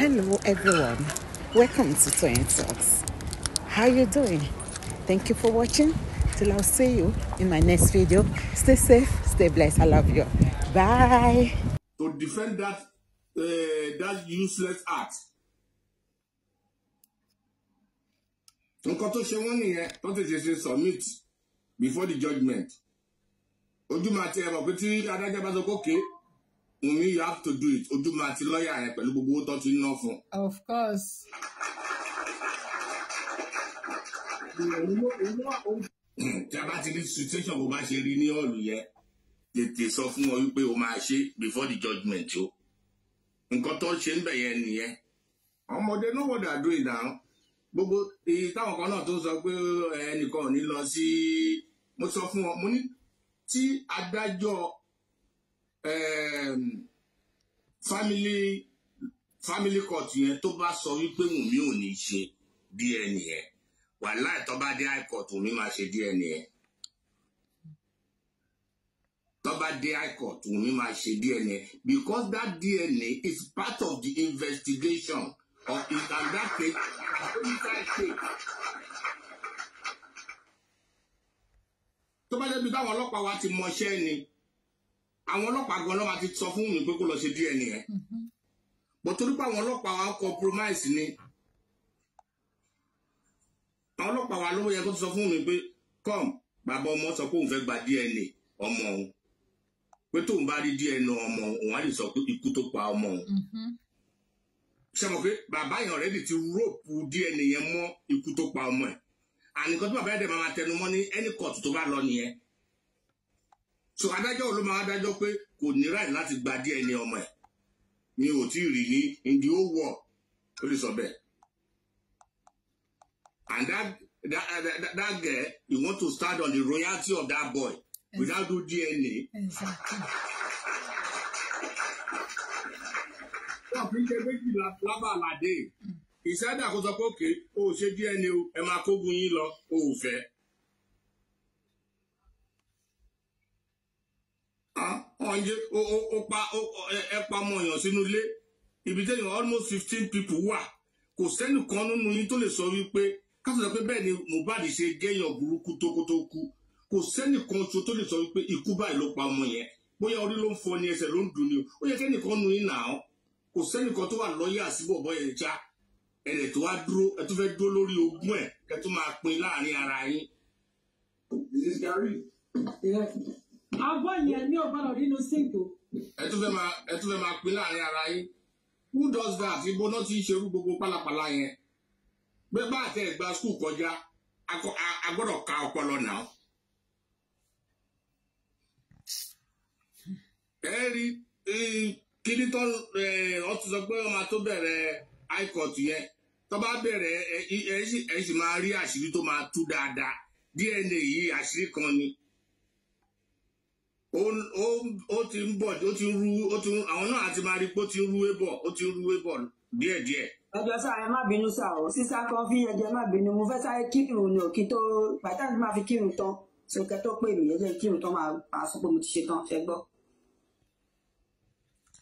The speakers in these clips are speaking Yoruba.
Hello everyone. Welcome to Twin Talks. How you doing? Thank you for watching. Till I'll see you in my next video. Stay safe, stay blessed. I love you. Bye. To defend that uh, that useless act. Nǹkan tó ṣe wọ́n nìyẹn tó tètè ṣe submit before the judgement. Ojú máa tẹ ẹ pé tí adájọ́ bá sọ pé kéé. Wunmi, you have to do it. Ojúmọ́ àti lọ́ọ̀yà rẹ̀ pẹ̀lú gbogbo owó tó ti ná fún. Of course. Tí a bá ti rí situation bó bá ṣe rí ní ọ̀lù yẹn, tètè sọ fún wọn wípé o máa ṣe before the judgement o. Nǹkan tó ṣe ń bẹ̀ yẹn nìyẹn. Ọmọdé náà wọ́n dà ìdáhùn. Gbogbo èyí táwọn kan náà tó sọ pé ẹnìkan ò ní lọ sí. Mo sọ fún wọn, mo ní tí adájọ́ family family court yẹn tó bá sọ wípé wùmí ò ní ṣe DNA ẹ wàláì tó bá dé high court wùmí máa ṣe DNA ẹ tó bá dé high court wùmí máa ṣe DNA because that DNA is part of the investigation or in that case inside case. tó bá débi táwọn ọlọ́pàá wa ti mọṣẹ́ ni àwọn ọlọ́pàá gan ló máa ti sọ fún mi pé kó lọ ṣe DNA ẹ̀ bó torí pé àwọn ọlọ́pàá wa compromise ni àwọn ọlọ́pàá wa ló yẹ kó sọ fún mi pé come bàbá ọmọ sọ pé òun fẹ́ gba DNA ọmọ òun pé tóun bá rí DNA ọmọ òun á lè sọ pé ikú tó pa ọmọ òun mm-hmm. ṣe mọ̀ pé bàbá yẹn already ti rọ́ọ̀pù DNA yẹn mọ́ ikú tó pa ọmọ ẹ̀ àníkan tí bàbá yẹn dẹ̀ máa tẹnu mọ́ ní any court tó bá lọ nìyẹn so adájọ́ ló máa dájọ́ pé kò ní right láti gba DNA ọmọ ẹ̀ mi ò tí ì rí ní in the whole world ó lè sọ bẹ́ẹ̀ and that that, that that girl you want to stand on the royalty of that boy without do DNA. Exactly. àfihàn méjìlá lábàládé ìṣẹ́dá kó sọ pé òkè o ò ṣe DNA o ẹ máa kógun yín lọ o ò fẹ́. ọ̀njẹ́ ó pa èèyàn sínú ilé ibi tẹ́yìn almost fifteen people wà kò sẹ́nìkan nínú yín tó lè sọ wípé kásìlọ pé bẹ́ẹ̀ ni Mohbad ṣe gẹ́yàn burúkú tókótó kú kò sẹ́nìkan ṣo tó lè sọ wípé ikú báyìí ló pa ọmọ yẹn bóyá orí ló ń fọ ni ẹsẹ̀ ló ń dùn ni o ó yẹ kẹ́nìkan nu yín náà kò sẹ́nìkan tó wà lọ́yà sí bọ̀bọ̀ yẹn já ẹ̀rẹ̀ tó wá dúró ẹ tó fẹ́ dúró lórí ogún ẹ̀ kẹ́ tó máa pín láàrin ara yín. This is Gary àgọ́ yẹn ní ọ̀gbọ́dọ̀ nínú sínkù. ẹ tún fẹ́ máa ẹ tún fẹ́ máa pín láàrin ara yín who does that ibo náà ti ń ṣerú gbogbo pálapàla yẹn pé bá àtẹ ìgbà skul kọjá a gbọ́dọ̀ ka ọpọlọ náà. ẹ rí kíní tó ọ ti sọ pé ọmọ tó bẹ̀rẹ̀ high court yẹn tó bá bẹ̀rẹ̀ ẹ sì máa rí àṣírí tó máa tú dáadáa DNA yìí àṣírí kan ni ó ti ń bọ̀ ó ti ń ru ó ti ń àwọn náà àti máa rí pé ó ti ń ruwé bọ̀ ó ti ń ruwé bọ̀ díẹ̀díẹ̀. ẹjọ sá ẹ má bínú sá o sísá kan fi ẹjọ má bínú mo fẹ́ sáré kírun ni òkì tó bàtà tí máa fi kírun tán sókè tó pè mí ẹjọ kírun tán máa sọ pé mo ti ṣe tán ṣe gbọ́.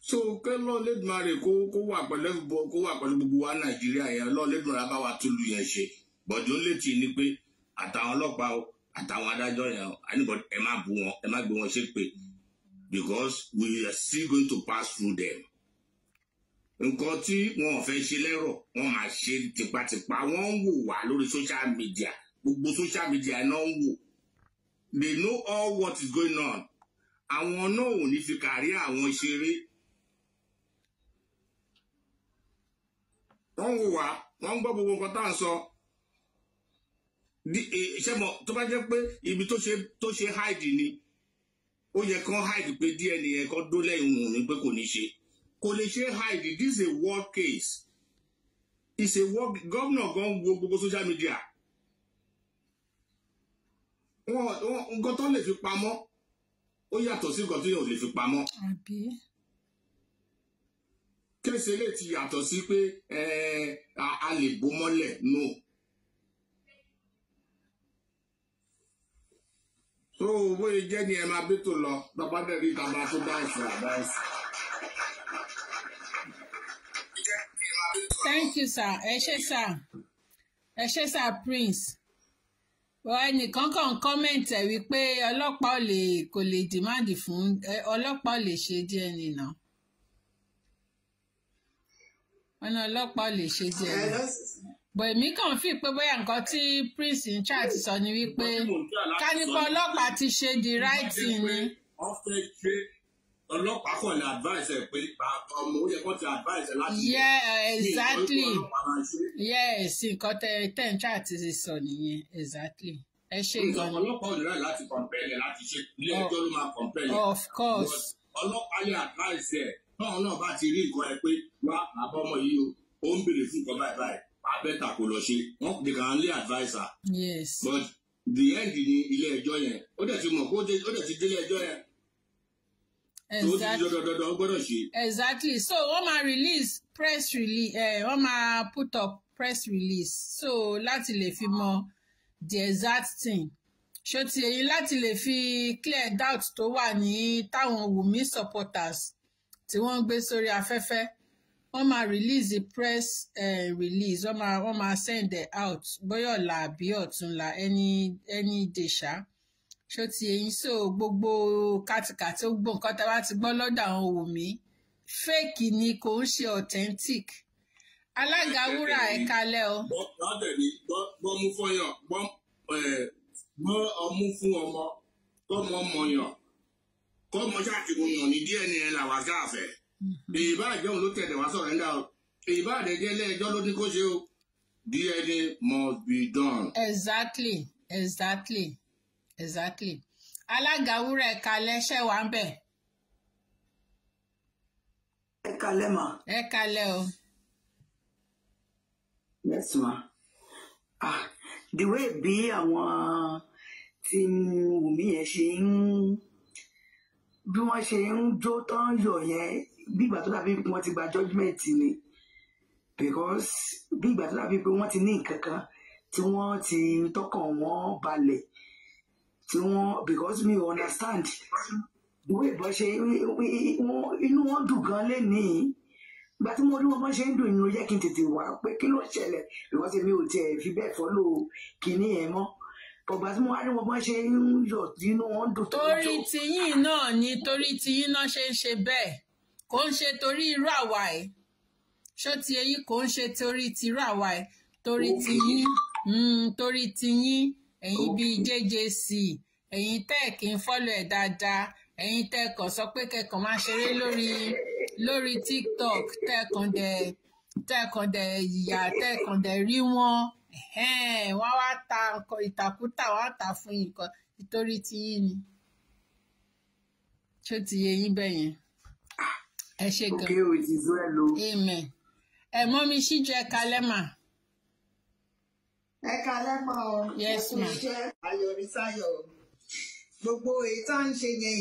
so pé lọ́ọ̀lẹ́dùnmarè kó kó wà pẹ̀lú kó wà pẹ̀lú gbogbo wa nàìjíríà yẹn lọ́ọ̀lẹ́dùnmarè bá wa túlù yẹn ṣe bọ̀dún létí ni pé àtàwọn ọlọ́pàá àtàwọn adájọ́ yẹn anybody ẹ má bú wọn ẹ má gbé wọn ṣépè because we are still going to pass through them nǹkan tí wọn ò fẹ́ ṣe lẹ́rọ̀ wọn máa ṣe tipátipá wọn ń wò wá lórí social media gbogbo social media náà ń wò they know all what is going on àwọn náà ò ní fi kàrí àwọn ṣeré wọn ń wò wá wọn ń gbọ́ gbogbo nǹkan tá à ń sọ. So ṣé mo tó bá jẹ́ pé ibi tó ṣe tó ṣe hide ni ó yẹ kán hide pé díẹ̀ nìyẹn kán dó lẹ́yìn òun ni pé kò ní ṣe kò lè ṣe hide this is a war case it's a war gómìnà gan wo gbogbo social media wọn nǹkan tó lè fi pamọ́ ó yàtọ̀ sí nǹkan tó yẹ ò lè fi pamọ́. àbí kése lè ti yàtọ̀ sí pé eh, a lè bó mọ́lẹ̀ no. tó o bóyá jẹ́ ni ẹ máa tó lọ lọ́ba dẹ̀ rí ìtàbá tó dáìsì àdáìsì. thank you sir ẹ ṣé sir ẹ ṣé sir prince ẹnìkan kan kọ́mẹ̀ntì ẹ̀ wípé ọlọ́pàá ò lè kò lè dìmáàdì fún ọlọ́pàá ò lè ṣe DNA náà ọ̀nà ọlọ́pàá ò lè ṣe DNA bọ̀ èmi kàn fi pé bóyá nǹkan tí prince in charge sọ ni wípé kánípa ọlọ́pàá ti ṣe the right thing ni. ọlọ́pàá kàn ní advice ẹ̀ pé ọmọ òye kan ti advice ẹ̀ láti. yeah exactly yes nǹkan tẹ ten chat ti sọ nìyẹn exactly ẹ ṣe gan. ọlọ́pàá òye náà láti compare láti ṣe ilé ẹjọ́ ló máa compare. of course. ọlọ́pàá ní advice ẹ̀ náà náà bá ti rí nǹkan ẹ pé wá àbọ̀mọ̀ yìí o ó ń béèrè fún nǹkan báyìí báyìí abẹ́ta kò lọ ṣe wọ́n they can only adviser. yes but the end ni ilé ẹjọ́ yẹn ó dẹ̀ ti mọ̀ kó ó dẹ̀ ti délé ẹjọ́ yẹn. exactly exactly so wọ́n máa release press release eh, máa put up press release so láti lè fi mọ the exact thing ṣó ti èyí láti lè fi clear doubt tó wà ní táwọn Wùmí supporters tí wọ́n ń gbé sórí afẹ́fẹ́ wọ́n máa release the press uh, release wọ́n máa wọ́n máa send it out bóyá ọ̀la àbí ọ̀túnla any any day ṣá ṣó ti eyín so gbogbo kàtìkàtì ó gbọ́ nǹkan bá ti gbọ́ lọ́dọ̀ àwọn Wùmí fake ni kò ń ṣe authentic alága wúrà ẹ̀ka lẹ́ o. wọ́n gbọ́ mú fọyàn eh, gbọ́ ọmú fún ọmọ kọ́ mọ́ mọ̀yàn kọ́ mọ́ ṣáàtì mo yàn ní díẹ̀ ni ẹ̀ làwọn àgáàfẹ́. Mm-hmm. ìbá àjọhùn ló tẹ̀lé wá sọ̀rẹ́ńdà o ìbá àdẹ́jẹ́ lẹ́ẹ̀jọ́ ló ní kó ṣe o DNA must be done. exactly exactly exactly alága wúrà ẹ̀ka lẹ́sẹ̀ wà ń bẹ̀. ẹ kalẹ́ ma. ẹ kalẹ́ o. yes ma ah the way bí àwọn tí Wùmí yẹn ṣe ń bí wọ́n ṣe ń jó tán yọ yẹn bí ìgbà tó dàbí pé wọ́n ti gba judgement ni because bí ìgbà tó dàbí pé wọ́n ti ní nǹkan kan tí wọ́n ti tọkàn wọ́n balẹ̀ tí wọ́n because mi understand ìwé ìbọn ṣe inú wọn dùn gan lénìí ìgbà tí mo rí wọn bá ṣe ń dùn inú yẹ kí n tètè wá pé kí ló ṣẹlẹ̀ because mi ò tiẹ̀ fi bẹ́ẹ̀ fọ́lọ́ kínní yẹn mọ́ bọ̀gbà tí mo wọn bá ṣe ń yọ̀ nínú wọn dùn torí tiyín náà ni torí tiyín náà ṣe ń ṣe bẹ́ẹ̀ kò ń ṣe torí irú àwa ẹ̀ ṣó ti eyín kò ń ṣe torí tirú àwa ẹ̀ torí tiyín hmm, torí tiyín ẹ̀yin bíi jjc ẹ̀yin tẹ́ ẹ̀ kì í fọ́lọ̀ ẹ̀ dáadáa ẹ̀yin tẹ́ ẹ̀ kàn sọ pé kẹ́kàn máa ṣeré lórí lórí tiktok tẹ́ ẹ̀ kàn dẹ̀ tẹ́ ẹ̀ kàn dẹ̀ yà tẹ́ ẹ̀ rí wọn. wọ́n wá ta nǹkan ìtàkùtà wọ́n á ta fún yín kan nítorí ti yín ni ṣó ti yẹ yín bẹ́yẹn ẹ ṣe gan oh. amen ẹ mi ṣíjú ẹ kalẹ́ mà. ẹ kalẹ́ mọ́ yes ma gbogbo à ń ṣe yẹn